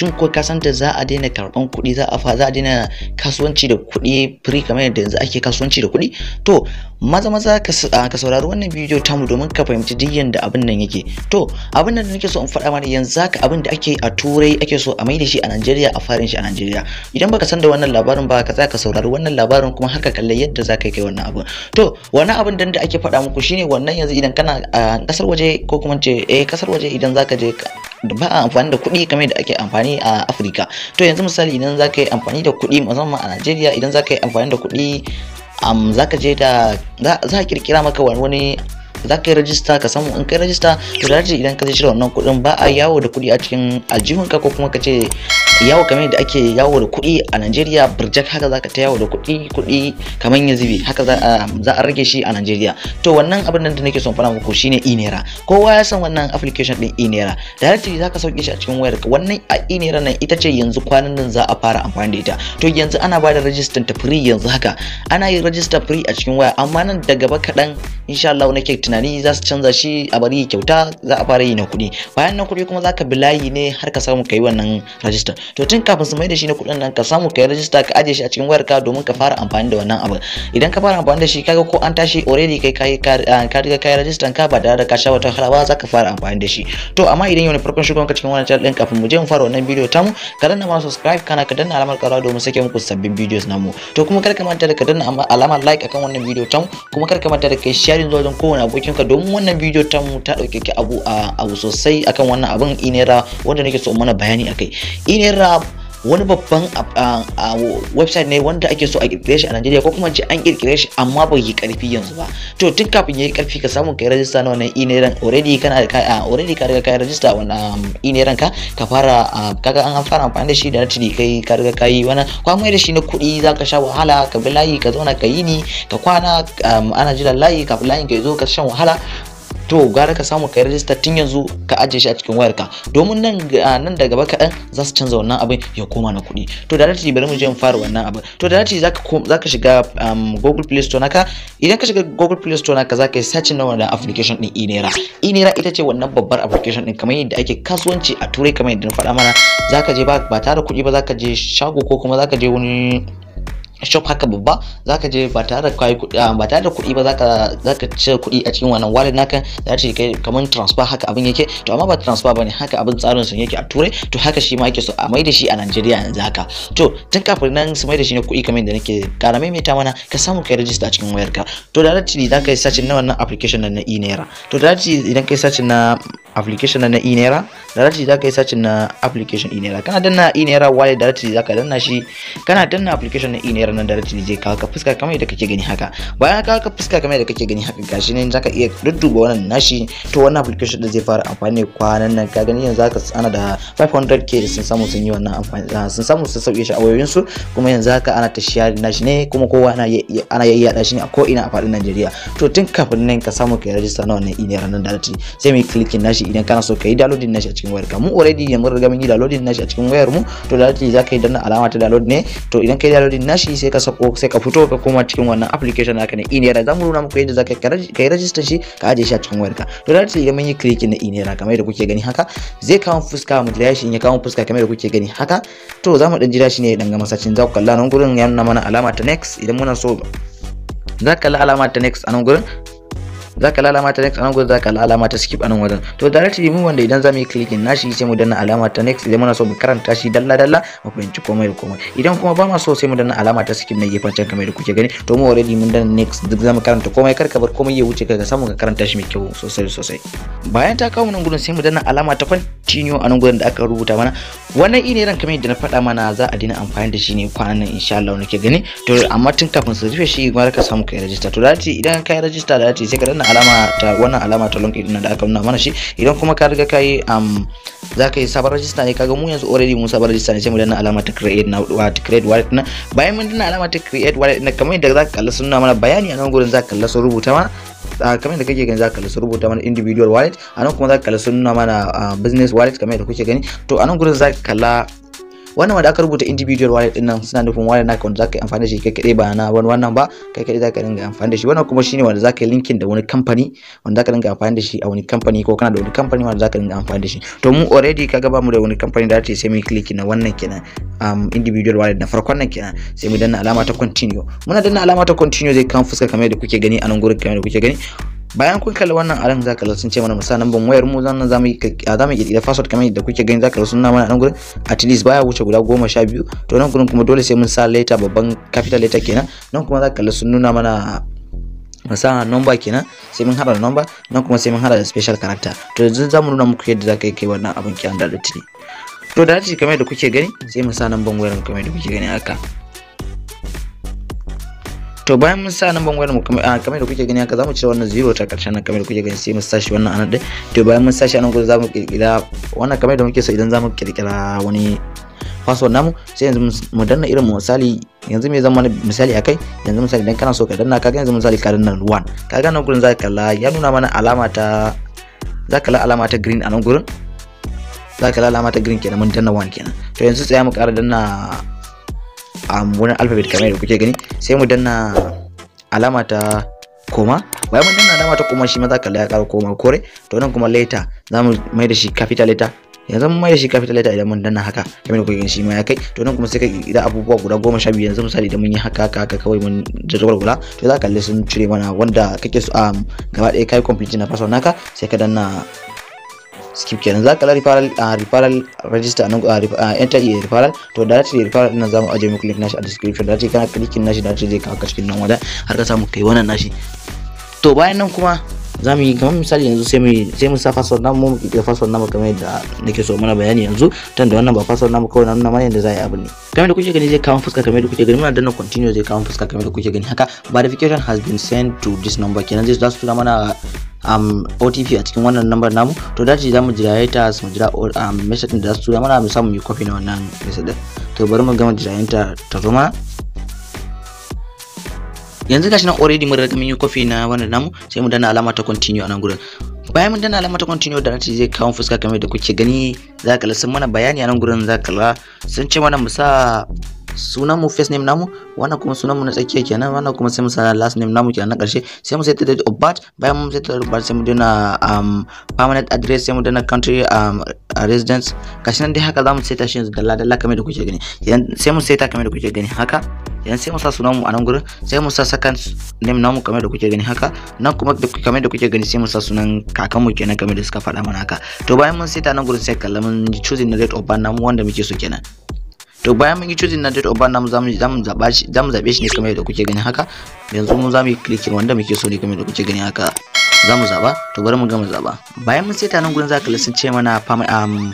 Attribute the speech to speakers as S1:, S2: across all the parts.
S1: shin ko ka san da za a daina karban kuɗi za a fa za a daina kasuwanci da kuɗi free kamar yadda yanzu ake kasuwanci da kuɗi to maza maza ka saurari wannan bidiyo tamu domin ka fahimci duk yanda abin nan yake to abin nan da nake so in faɗa mana yanzu haka abin da ake a turai ake so a maida shi a Najeriya a farin shi a Najeriya idan baka san da wannan labarin ba ka tsaya ka saurari wannan labarin kuma har ka kalle yadda za ka kai wannan abin to wani abin da ake faɗa muku shine wannan yanzu idan kana a kasar waje ko kuma ce eh kasar waje idan zaka je ba a amfani da kuɗi kamar da ake amfani a afirka to yanzu misali idan za ka yi amfani da kuɗi musamman a najeriya idan za ka yi amfani da kuɗi za ka je da za a kirkira maka wani za ka yi rajista ka samu in kai rajista to da idan ka zai da wannan kuɗin ba a yawo da kuɗi a cikin aljihunka ko kuma ka ce yawo kamar yadda ake yawo da kuɗi a Najeriya burjak haka za ka ta yawo da kuɗi kuɗi kamar ya zube haka ah, za a rage shi a Najeriya to wannan abin da nake son fara muku shine inera kowa ya san wannan application din inera directly ka sauke shi a cikin wayarka wannan a inera nan ita ce yanzu kwanan nan za a fara amfani da ita to yanzu ana ba da rajistan ta free yanzu haka ana yin rajista free a cikin waya amma nan da gaba kaɗan insha Allah cake tunani za su canza shi a bari kyauta za a fara yi na kuɗi bayan na kuɗi kuma za ka bi layi ne har ka samu kai wannan rajista to tun kafin su mai da shi na kuɗin nan ka samu kai rajista ka ajiye shi a cikin wayarka domin ka fara amfani da wannan abu idan ka fara amfani da shi kaga ko an tashi already kai kai ah, ka riga kai rajistan ka ba tare da ka sha wata wahala ba za ka fara amfani da shi to amma idan yau ne farkon shugaban ka cikin wannan channel din kafin mu je mu fara wannan bidiyo tamu ka danna ma subscribe kana ka danna alamar karawa domin sake muku sabbin videos namu to kuma kar ka manta da ka danna alamar like akan wannan bidiyo mu kuma kar ka manta da kai share sharing zuwa don kowane abokin ka don wannan bidiyo ta mu ta dauke ki abu abu sosai akan wannan abin inera wanda nake so mana bayani akai inera wani babban website ne wanda ake so a kirkire shi a Najeriya ko kuma ce an kirkire shi amma bai yi karfi yanzu ba to tun kafin yayi karfi ka samu kai register na wannan e ran already kana da kai already ka riga kai register wannan um, e mail ka ka fara kaga an fara amfani da shi da natiri kai ka riga kai wannan kwa mai da shi na kuɗi zaka sha wahala ka bi layi ka zauna ka yi ni ka kwana um, ana jiran layi kafin layin ka zo ka shan wahala to gara ka samu kai rajista tun yanzu ka ajiye shi a cikin ka domin nan nan da gaba kaɗan za su canza wannan abin ya koma na kuɗi to da lati bari mu je mu fara wannan abin to da lati zaka shiga um, Google Play Store naka idan ka shiga Google Play Store naka zaka yi searching na wannan application din inera inera ita ce wannan babbar application din kamar yadda ake kasuwanci a turai kamar yadda na faɗa mana zaka je ba tare da kuɗi ba zaka je shago ko kuma zaka je wani shop haka babba zaka je ba tare da kai kuɗi ba tare da kudi ba zaka zaka cire kuɗi a cikin wannan wallet naka za ta kai kamar transfer haka abin yake to amma ba transfer bane haka abin tsarin sun yake a turai to haka shi ma yake so a mai da shi a Najeriya yanzu haka to tun kafin nan su mai da shi ne kuɗi kamar da nake kara maimaita mana ka samu kai register a cikin wayarka to directly zaka yi searching na wannan application na e-naira to da directly idan kai searching na application na inera directly zaka yi searching na application inera kana danna inera wallet directly zaka danna shi kana danna application na inera nan directly zai kawo ka fuska kamar yadda kake gani haka bayan ka kawo ka fuska kamar yadda kake gani haka gashi ne zaka iya dudduba wannan nashi to wannan application din zai fara amfani ne kwanan nan ka gani yanzu zaka ana da 500k sun samu sun yi wannan amfani ah, sun samu sun sauke shi a wayoyin su kuma yanzu zaka ana ta share nashi ne kuma kowa ana ana yayyada shi ne a ko ina a faɗin Najeriya to tun kafin nan ka samu ka register na wannan inera nan directly sai mu yi clicking nashi shi idan kana so kai downloading nashi a cikin wayar ka mu already yanzu riga mun yi downloading nashi a cikin wayar mu to da zaki zaka yi dan alama ta download ne to idan kai downloading nashi sai ka sako sai ka fito ka koma cikin wannan application naka ne inera za zamu nuna muku yadda zaka kai register shi ka aje shi a cikin wayar ka to da zaki idan mun yi click na inera kamar yadda kuke gani haka zai kawo fuska mu jira shi in ya kawo fuska kamar yadda kuke gani haka to zamu dan jira shi ne dan ga masacin za ku kalla nan gurin ya nuna mana alama ta next idan muna so zaka kalla alama ta next a nan gurin zaka lalama ta next anan gurin zaka lalama ta skip anan wajen to directly mu wanda idan zamu yi clicking nashi sai mu danna alama ta next idan muna so mu karanta shi dalla dalla mu fahimci komai da komai idan kuma ba ma so sai mu danna alama ta skip na gefen can kamar da kuke gani to mu already mun danna next duk zamu karanta komai kar ka bar komai ya wuce kaga samu ka karanta shi mai kyau sosai sosai bayan ta kawo nan gurin sai mu danna alama ta continue anan gurin da aka rubuta mana wannan ine ran kamar yadda na faɗa mana za a dina amfani da shi ne kwanan insha Allah nake gani to amma tun kafin su rufe shi ma ka samu kai register to da idan kai register da sai ka danna alama ta wannan alama ta long din da aka nuna mana shi idan kuma ka riga kai um za ka yi sabar rajista ne kaga mu yanzu already mun sabar rajista ne sai mu danna alama ta create na ta create wallet na bayan mun danna alama ta create wallet na kamar yadda za ka kalla suna mana bayani a nan gurin za ka kalla sun rubuta mana kamar yadda kake gani za ka kalla sun rubuta mana individual wallet a nan kuma za ka kalla sun nuna mana business wallet kamar yadda kuke gani to a nan gurin za ka kalla wannan wanda aka rubuta individual wallet din nan suna nufin wallet naka wanda zaka yi amfani da shi kai kadai ba na wani wannan ba kai kadai zaka dinga amfani da shi wannan kuma shine wanda zaka yi linkin da wani company wanda zaka dinga amfani da shi a wani company ko kana da wani company wanda zaka dinga amfani da shi to mu already kaga ba mu da wani company da zai sai mu click na wannan kenan um, individual wallet na farkon nan kenan sai mu danna alama ta continue muna danna alama ta continue zai kan fuska kamar yadda kuke gani a nan gurin kamar yadda kuke gani bayan kun kalli wannan alam za ka sun ce mana musa namban wayar mu zan za mu yi za mu password kamar yadda kuke gani za ka sun mana nan gurin at least baya wuce guda goma sha biyu to nan gurin kuma dole sai mun sa leta babban capital leta kenan nan kuma za ka sun nuna mana musa number kenan sai mun hada da number nan kuma sai mun hada da special character to yanzu za mu nuna muku yadda za ka yi kai wannan abin kiran da litini to da kamar yadda kuke gani sai mu sa namban wayar kamar yadda kuke gani haka to bayan mun sa nan bangaren mu kamar ah, da kuke gani haka zamu cire wannan zero ta karshen nan kamar da kuke gani sai mu sashi wannan anan din to bayan mun sashi anan gudu zamu kirkira wannan kamar da muke so idan zamu kirkira wani password namu sai yanzu mu danna irin misali yanzu me zan mana misali akai yanzu misali idan kana so ka danna kaga yanzu misali ka danna 1 kaga nan gurin zaka kalla ya nuna mana alama ta zaka kalla alama ta green a nan gurin zaka kalla alama ta green kenan mun danna 1 kenan to yanzu tsaya mu kara danna a wurin alphabet kamar yadda kuke gani sai mu danna alama ta koma bayan mun danna alama ta koma shi ma za ka ya ƙara koma kore to nan kuma later za mu mai da shi capital letter yanzu mun mai da shi capital letter idan mun danna haka kamar kuke gani shi ma ya kai to nan kuma sai ka idan abubuwa guda goma sha biyu yanzu misali idan mun yi haka haka haka kawai mun jajjabar guda to za ka kalli sun cire mana wanda kake so um, gaba ɗaya kai complete na password naka sai ka danna skip kenan zaka la referral uh, referral register nan uh, uh, enter your referral to da zai referral din zamu aje muku link nashi a description da zai kana clicking nashi da zai kawo ka cikin nan wada har ka samu kai wannan nashi to bayan nan kuma za mu yi kamar misali yanzu sai mu sa password namu mu kirkira password namu kamar yadda nake so mana bayani yanzu tan da wannan ba password namu kawai na nuna mana yadda za a yi abu ne kamar da kuke gani zai kawo fuska kamar da kuke gani muna danna continue zai kawo fuska kamar da kuke gani haka verification has been sent to this number kenan zai zasu tura mana um, OTP a cikin wannan number namu to dace za mu jira ta mu jira um, message da za su tura mana mu samu mu copy na wannan message to bari mu gama jira ta ta zo mana yanzu gashi nan already mun riga mun yi coffee na wannan namu sai mu danna alama ta continue a nan gurin bayan mun danna alama ta continue da zai kawo fuska kamar da kuke gani za ka sun mana bayani a nan gurin za ka sun ce mana musa. sunan mu first name namu wannan kuma sunan mu na tsakiya kenan wannan kuma sai mu sa last name namu kenan na karshe sai mu saita date of birth bayan mu saita date of birth sai mu dana um, permanent address sai mu dana country um, residence kashi nan dai haka zamu saita shi yanzu dalla dalla kamar da kuke gani sai mu ta kamar da kuke gani haka yan sai mu sa sunan mu a nan gurin sai mu sa second name namu kamar da kuke gani haka nan kuma kamar da kuke gani sai mu sa sunan kakan mu kenan kamar da suka faɗa mana haka to bayan mun saita nan gurin sai kalla mun choosing the date of birth namu wanda muke so kenan to bayan mun yi choosing na date of birth namu zamu zamu zaba shi zamu zabe shi ne kamar yadda kuke gani haka yanzu mun zamu yi clicking wanda muke so ne kamar yadda kuke gani haka zamu zaba to bari mu gama zaba bayan mun seta nan gurin zaka listen ce mana um,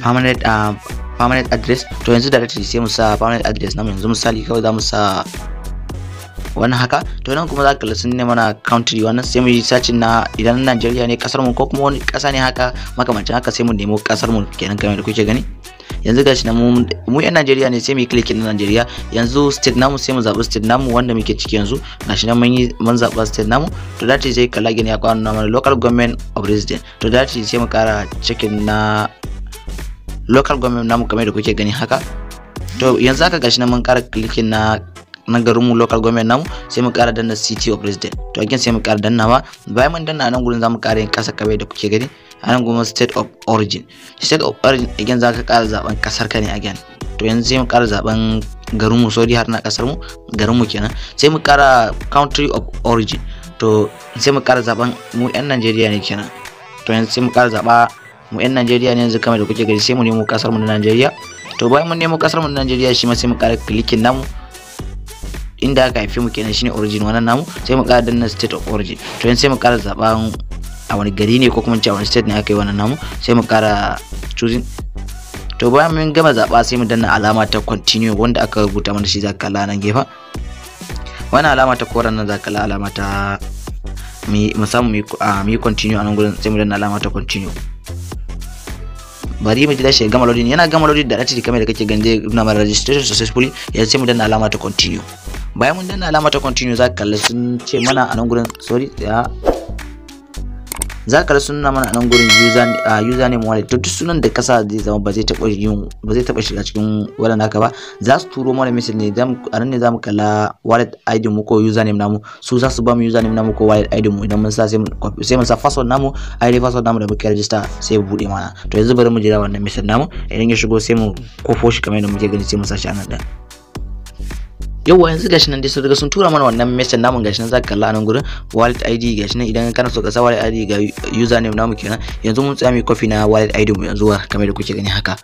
S1: permanent um, permanent address to yanzu directly sai mu sa permanent address namu yanzu misali kawai zamu sa wannan haka to nan kuma za ka sun ne mana country wannan sai mu yi sacin na idan Najeriya ne kasar mu ko kuma wani kasa ne haka makamancin haka sai mu nemo kasar mu kenan kamar da kuke gani yanzu gashi na mu yan Najeriya ne sai mu yi na Najeriya yanzu state namu sai mu zabi state namu wanda muke ciki yanzu gashi na mun yi mun zaba state namu to that is sai ka login ya kwana mana local government of resident to that is sai mu kara cikin na local government namu kamar da kuke gani haka to yanzu aka gashi na mun kara clicking na na garin mu local government namu sai mu kara danna city of president to again sai mu kara danna dannawa bayan mun danna nan gurin zamu ƙara yin kasa kabe da kuke gani anan nan gurin state of origin state of origin again za ka kara zaben kasar ka ne again to yanzu sai mu kara zaben garin mu sodi har na kasar mu garin mu kenan sai mu kara country of origin to sai mu kara zaben mu yan Najeriya ne kenan to yanzu sai mu kara zaba mu yan Najeriya ne yanzu kamar da kuke gani sai mu nemo kasar mu na Najeriya to bayan mun nemo kasar mu na Najeriya shi ma sai mu kara klikin namu inda aka haife mu kenan shine origin wannan namu sai mu kara danna state of origin to yanzu sai mu kara zaban a wani gari ne ko kuma ce a wani state ne aka yi wannan namu sai mu kara choosing to bayan mun gama zaba sai mu danna alama ta continue wanda aka rubuta mana shi zaka kalla nan gefa, wannan alama ta koran nan zaka kalla alama ta mu samu ah, mu yi continue a nan gurin sai mu danna alama ta continue bari mu ji dashi gama loading yana gama loading da rati kamar da kake ganje na mara registration successfully yanzu sai mu danna alama ta continue bayan mun danna alama ta continue za ka kalli sun ce mana a nan gurin sorry ya za ka rasu nuna mana a nan gurin user ah, wallet to duk sunan da sa zai zama ba zai taɓa yin ba zai taɓa shiga cikin wallet naka ba za su turo mana message ne a nan ne za mu kalla wallet id mu ko username namu su za su ba mu username namu ko wallet id mu idan mun sa sai mu sa password namu id password namu da muke register sai mu bude mana to yanzu bari mu jira wannan message namu idan ya shigo sai mu kofo shi kamar yadda muke gani sai mu sa shi a nan yauwa yanzu gashi nan dai daga riga sun tura mana wannan message namu gashi nan zaka kalla nan gurin wallet ID gashi nan idan kana so ka sa wallet ID ga username namu kenan yanzu mun tsaya mai copy na wallet ID mu yanzu kamar da kuke gani haka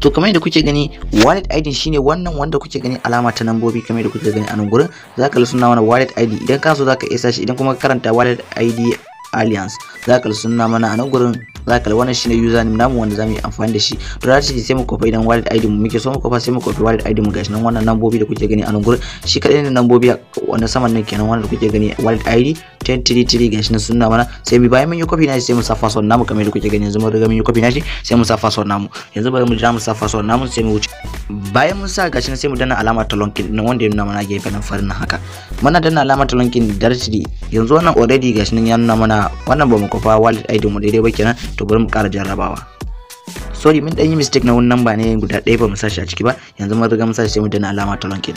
S1: to kamar yadda kuke gani wallet id shine wannan wanda kuke gani alama ta nambobi kamar da kuke gani a nan gurin zaka lissu na mana wallet id idan ka so zaka isa shi idan kuma ka karanta wallet id alliance zaka lissu na mana a nan gurin za ka wannan shine username namu wanda zamu yi amfani da shi to da shi sai mu kofa idan wallet ID mu muke so mu kofa sai mu kofa wallet ID mu gashi nan wannan nambobi da kuke gani a nan gurin shi kadai ne nambobi wannan saman nan kenan wannan da kuke gani wallet ID 1033 gashi nan sunna mana sai mu bayan mun yi copy shi sai mu sa password namu kamar yadda kuke gani yanzu mun riga mun yi copy shi sai mu sa password namu yanzu bari mu jira mu sa password namu sai mu wuce bayan mun sa gashi nan sai mu danna alamar ta lonkin nan wanda ya nuna mana gefe nan farin nan haka muna danna alamar ta lonkin directory yanzu wannan already gashi nan ya nuna mana wannan ba mu kofa wallet ID mu daidai ba kenan to bari mu ƙara jarrabawa sorry mun dan yi mistake na wannan ba ne guda ɗaya ba mu sashi a ciki ba yanzu mun riga mun sashi sai mu dana alama ta lonkin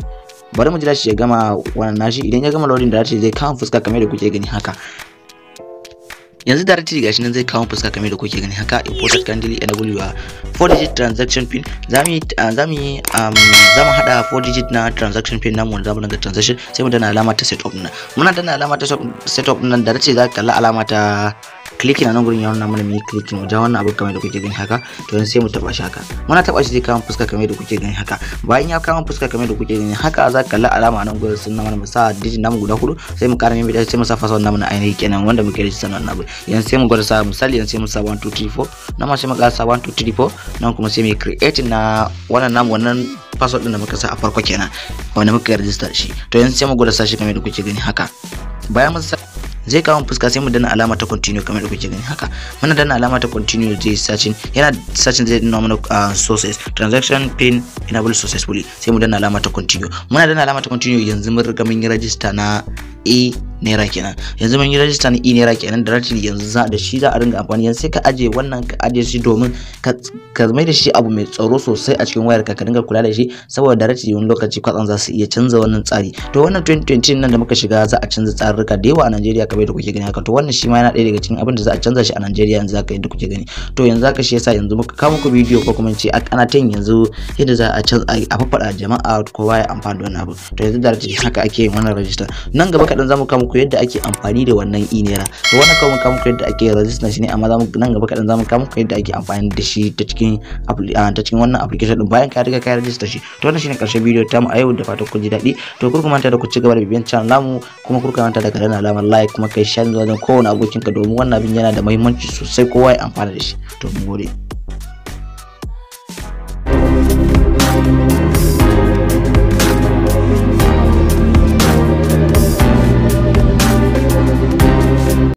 S1: bari mu jira shi ya gama wannan nashi idan ya gama loading da zai zai kawo fuska kamar da kuke gani haka yanzu da rati gashi nan zai kawo fuska kamar da kuke gani haka imported candle enable a 4 digit transaction pin zamu ah, zamu um, zamu hada 4 digit na transaction pin namu zamu daga transaction sai mu dana alama ta setup nan muna dana alama ta setup nan da rati za ka kalla alama ta clicking a nan gurin ya nuna mana mu yi clicking mu ja wannan abu kamar da kuke gani haka to yanzu sai mu taba shi haka muna taba shi zai kawo fuska kamar da kuke gani haka bayan ya kawo fuska kamar da kuke gani haka za ka kalla alama nan gurin sun mana mu sa digit namu guda hudu sai mu kara mai bidiyo sai mu sa password namu na ainihi kenan wanda muke da shi na namu yanzu sai mu gwada sa misali yanzu sai mu sa 1 nan ma sai mu kara sa 1 nan kuma sai mu create na wannan namu wannan password din da muka sa a farko kenan wanda muka register shi to yanzu sai mu gwada sa shi kamar da kuke gani haka bayan mun sa zai kawo fuska sai mu danna alama ta continue kamar da kuke gani haka muna danna alama ta continue zai searching yana searching zai nuna mana ah, sources transaction pin enable successfully sai mu danna alama ta continue muna danna alama ta continue yanzu mun riga mun yi register na a naira kenan yanzu mun yi rajista na e naira kenan directly yanzu za da shi za a ringa amfani yanzu sai ka aje wannan ka aje shi domin ka mai da shi abu mai tsaro sosai a cikin wayar ka ka dinga kula da shi saboda directly wani lokaci kwatsan za su iya canza wannan tsari to wannan 2020 nan da muka shiga za a canza tsarurruka da yawa a Najeriya kamar yadda kuke gani haka to wannan shi ma yana ɗaya daga cikin abin da za a canza shi a Najeriya yanzu haka yadda kuke gani to yanzu haka shi yasa yanzu muka kawo muku bidiyo ko kuma ce ana ta yanzu yadda za a canza a faɗa jama'a kowa ya amfani da wannan abu to yanzu directly haka ake yin wannan rajista nan gaba kaɗan za mu kawo muku muku yadda ake amfani da wannan inera to wannan kuma kamar muku yadda ake register shi ne amma zamu nan gaba kaɗan zamu kamar muku yadda ake amfani da shi ta cikin ah, ta cikin wannan application din bayan ka riga ka register shi to wannan shine karshen bidiyo mu a yau da fatan kun ji daɗi to kurku manta da ku ci gaba da bibiyan channel namu kuma kurku manta da kaɗan alamar like kuma kai share zuwa wajen kowane abokinka domin wannan abin yana da muhimmanci sosai kowa ya amfana da shi to mu gode